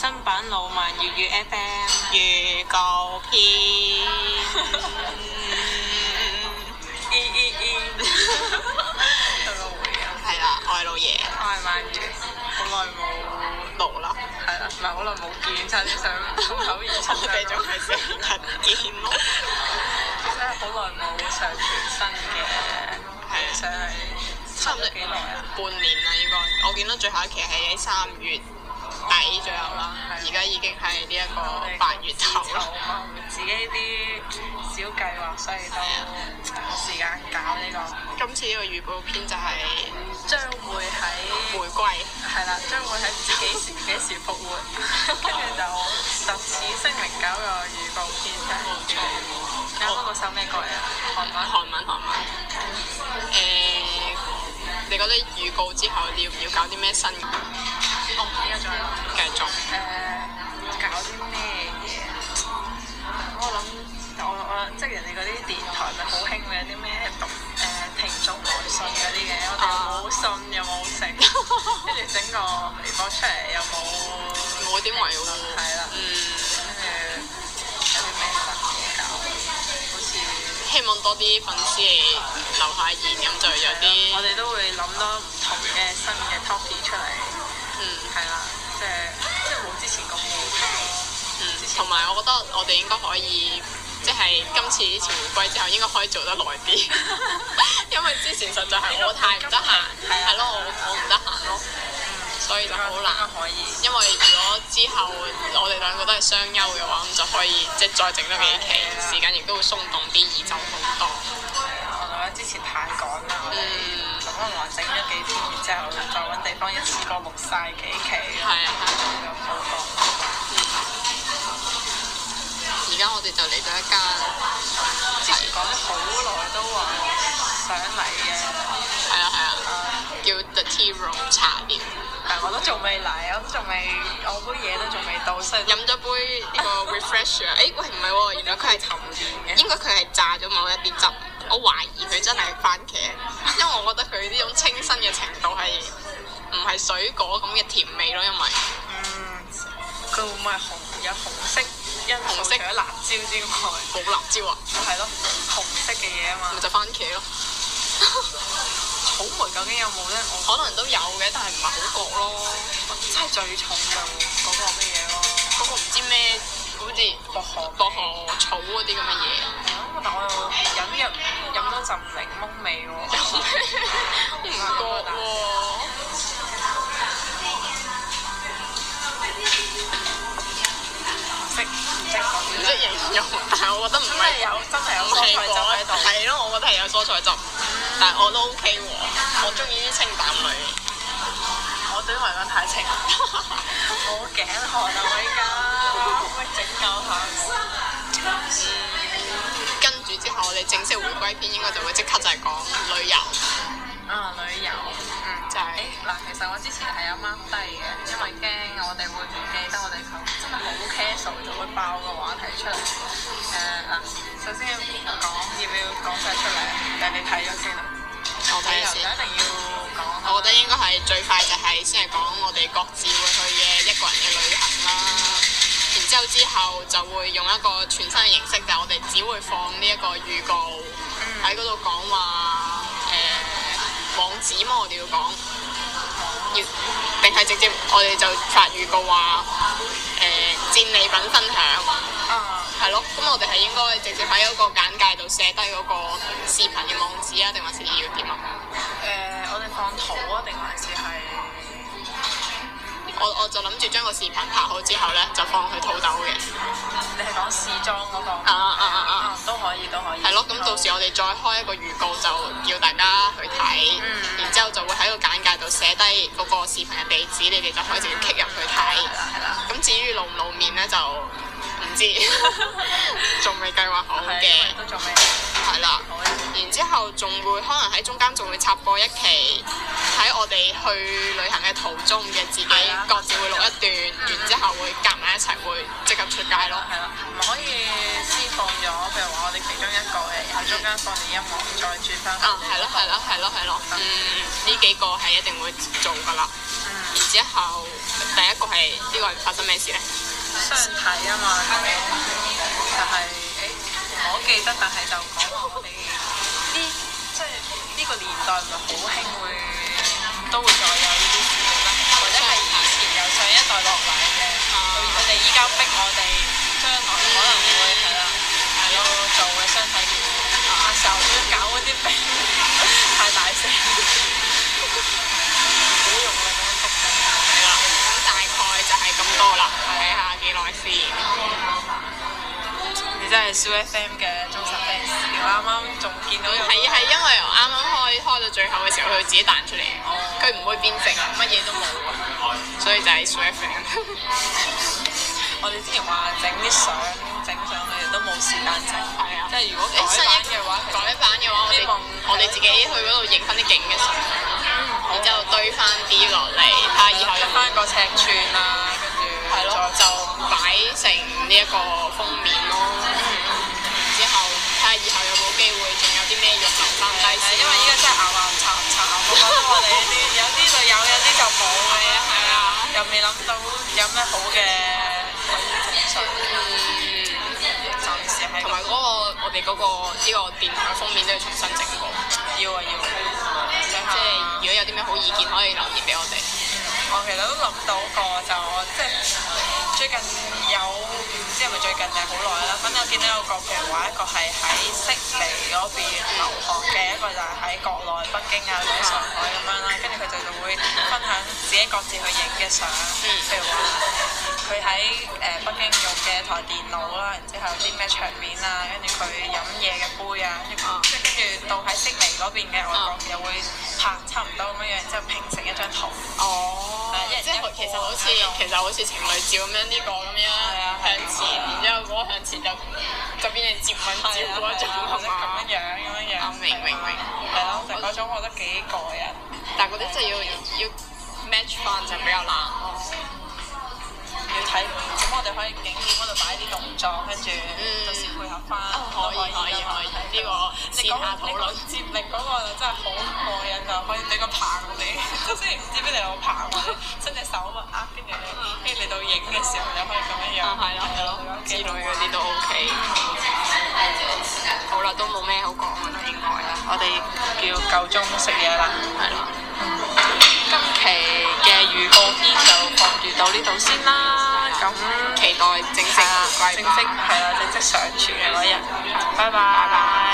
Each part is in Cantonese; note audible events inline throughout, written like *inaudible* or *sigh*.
新版老萬粵語 FM 預告片。哈哈哈！係、欸、啦、欸 *laughs* *laughs* 啊，我係老爺。我係萬月。好耐冇錄啦。係啦，唔係好耐冇見，趁上中秋而出街仲係先見。真係好耐冇上全新嘅，上係差唔多幾耐啊？半年啦應該，我見到最後一期係喺三月。底左右啦，而家已經係呢一個八月頭啦。自己啲小計劃，所以都冇時間搞呢個。今次呢個預告片就係將會喺，係啦回歸，將會喺自己時幾時復活，跟住 *laughs* *laughs* 就特此聲明搞個預告片。冇錯，搞嗰個首咩歌啊？韓文，韓文，韓文，韓文。誒，你覺得預告之後要唔要搞啲咩新？有有繼續。誒、呃，搞啲咩嘢？我諗，我我即係人哋嗰啲電台咪好興嘅啲咩讀誒聽眾來信嗰啲嘅，我哋冇信又冇食，跟住整個微博出嚟又冇冇點維護。係啦。 *laughs* 吧嗯，跟住有啲咩新嘢搞的？好似希望多啲粉絲嚟留下言咁，就係、嗯、有啲、嗯。我哋都會諗多唔同嘅新嘅 topic 出嚟。嗯，係啦，即係即係冇之前咁好。嗯，同埋我覺得我哋應該可以，即係今次以前回歸之後應該可以做得耐啲， *laughs* 因為之前實在係我太唔得閒，係 *music* 咯，我我唔得閒咯。 *music* 所以就好難，可以。因為如果之後我哋兩個都係雙休嘅話，咁就可以即係再整多幾期，時間亦都會鬆動啲，易做好多。我覺得之前太趕啦。嗯。可能話，整咗幾天，然之後再揾地方一次過錄晒幾期啊，好多。而家我哋就嚟到一間，之前講咗好耐都話想嚟嘅。係啊係啊，叫 The Tea Room 茶店。但係我都仲未嚟，我都仲未，我杯嘢都仲未到。先飲咗杯呢個 refresh，誒、 *laughs* 哎，喂，唔係喎，原來佢係沉嘅。應該佢係榨咗某一啲汁。我懷疑佢真係番茄，因為我覺得佢呢種清新嘅程度係唔係水果咁嘅甜味咯，因為佢會唔會紅有紅色因紅色除咗辣椒之外冇辣椒啊？咪係咯，紅色嘅嘢啊嘛咪就，就番茄咯， *laughs* 草莓究竟有冇咧？可能都有嘅，但係唔係好覺咯，真係最重就嗰個乜嘢咯，嗰個唔知咩，好似薄荷薄荷草嗰啲咁嘅嘢。但我又飲入飲咗陣檸檬味喎，唔覺喎，唔識形容，但係我覺得唔係有真係有蔬菜汁喺度，係咯，我覺得係有蔬菜汁，但係我都 OK 喎，我中意啲清淡類，我對我嚟講太清，我頸渴啊！我依家整咬下。之後我哋正式回歸篇應該就會即刻就係講旅遊。啊旅遊，嗯就係、是。誒嗱、欸，其實我之前係有 mark 低嘅，因為驚我哋會唔記得我哋求真係好 casual 就會爆個話題出嚟。誒嗱，首先要講要唔要講晒出嚟？定你睇咗先啊？我睇先。你一定要講。我覺得應該係最快就係先係講我哋各自會去嘅一個人嘅旅行啦。之後之後就會用一個全新嘅形式，就係、我哋只會放呢一個預告喺嗰度講話誒網址，嘛，我哋要講，定係直接我哋就發預告話誒、呃、戰利品分享，係、嗯、咯。咁我哋係應該直接喺嗰個簡介度寫低嗰個視頻嘅網址啊，定還是要點啊？誒、呃，我哋放圖啊，定還是係？我我就諗住將個視頻拍好之後呢，就放去土豆嘅。你係講試妝嗰個。啊啊啊啊啊！都可以，都可以。係咯，咁到時我哋再開一個預告，就叫大家去睇。嗯、然之後就會喺個簡介度寫低嗰個視頻嘅地址，你哋就可以直接 click 入去睇。咁、嗯、至於露唔露面呢，就？唔知，仲未計劃好嘅，仲未係啦，然之後仲會、嗯、可能喺中間仲會插播一期，喺我哋去旅行嘅途中嘅自己各自會錄一段，然後之後會夾埋一齊會即刻出街咯。係咯，唔可以先放咗譬如話，我哋其中一個係喺中間放完音樂，再轉翻。啊，係咯，係咯，係咯，係咯。嗯，呢幾個係一定會做噶啦。嗯。然之後第一個係呢、呢個係發生咩事咧？相睇啊嘛，咁就係、是、誒，唔好記得，但係就講話我哋呢，即係呢個年代唔係好興會都會再有呢啲傳統啦，或者係以前由上一代落嚟嘅，佢哋依家逼我哋，將來可能會係啦，係咯、嗯、做嘅相睇嘅，嗯、啊，受要搞嗰啲逼太大聲。好啦，睇下幾耐先。你真係 SFM 嘅忠實 fans，我啱啱仲見到。係係因為我啱啱開開到最後嘅時候，佢自己彈出嚟。佢唔會變靜，乜嘢都冇，所以就係 SFM。我哋之前話整啲相，整相，佢哋都冇時間整。係啊，即係如果改版嘅話，改版嘅話，我哋我哋自己去嗰度影翻啲景嘅相，然之後堆翻啲落嚟，睇下以後翻個尺寸啦。呢一個封面咯，之後睇下以後有冇機會，仲有啲咩要留翻低先。因為依家真係牛牛差差好多，我覺得我哋啲有啲就有，有啲就冇。嘅，啊係啊，又未諗到有咩好嘅鬼東西。暫時係同埋嗰個我哋嗰個呢個電台封面都要重新整過。要啊要啊，即係、啊啊、如果有啲咩好意見， *laughs* 可以留言俾我哋。我其實都諗到過，就即係。 *laughs* 最近有唔知係咪最近定好耐啦，反正我見到有個譬如話一個係喺悉尼嗰邊留學嘅，一個就係喺國內北京啊、上海咁樣啦，跟住佢就會分享自己各自去影嘅相，譬如話佢喺誒北京用嘅台電腦啦，然之後啲咩場面啊，跟住佢飲嘢嘅杯啊，即跟住到喺悉尼嗰邊嘅外國又會拍差唔多咁樣，然之後平成。其實好似，其實好似情侶照咁樣呢個咁樣向前，然之後嗰個向前就就變成接吻照嗰種係嘛？咁樣樣，咁樣樣。明明明，係咯，就嗰種我覺得幾過癮。但係嗰啲真係要要 match 翻就比較難咯。睇，咁我哋可以景點嗰度擺啲動作，跟住，到時配合翻，可以可以可以呢喎。你講下討論接力嗰個真係好過癮啊！可以俾個棒你，我真係唔知邊度有個棒咧，伸隻手咪握邊度，跟住你到影嘅時候你可以咁樣樣，係咯係咯，之類嗰啲都 OK。好啦，都冇咩好講啦，應該啦，我哋叫夠鐘食嘢啦，係啦，今期。預告片就放住到呢度先啦，咁期待正式正式係啦，正式上傳嘅嗰日，拜拜，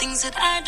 見到你。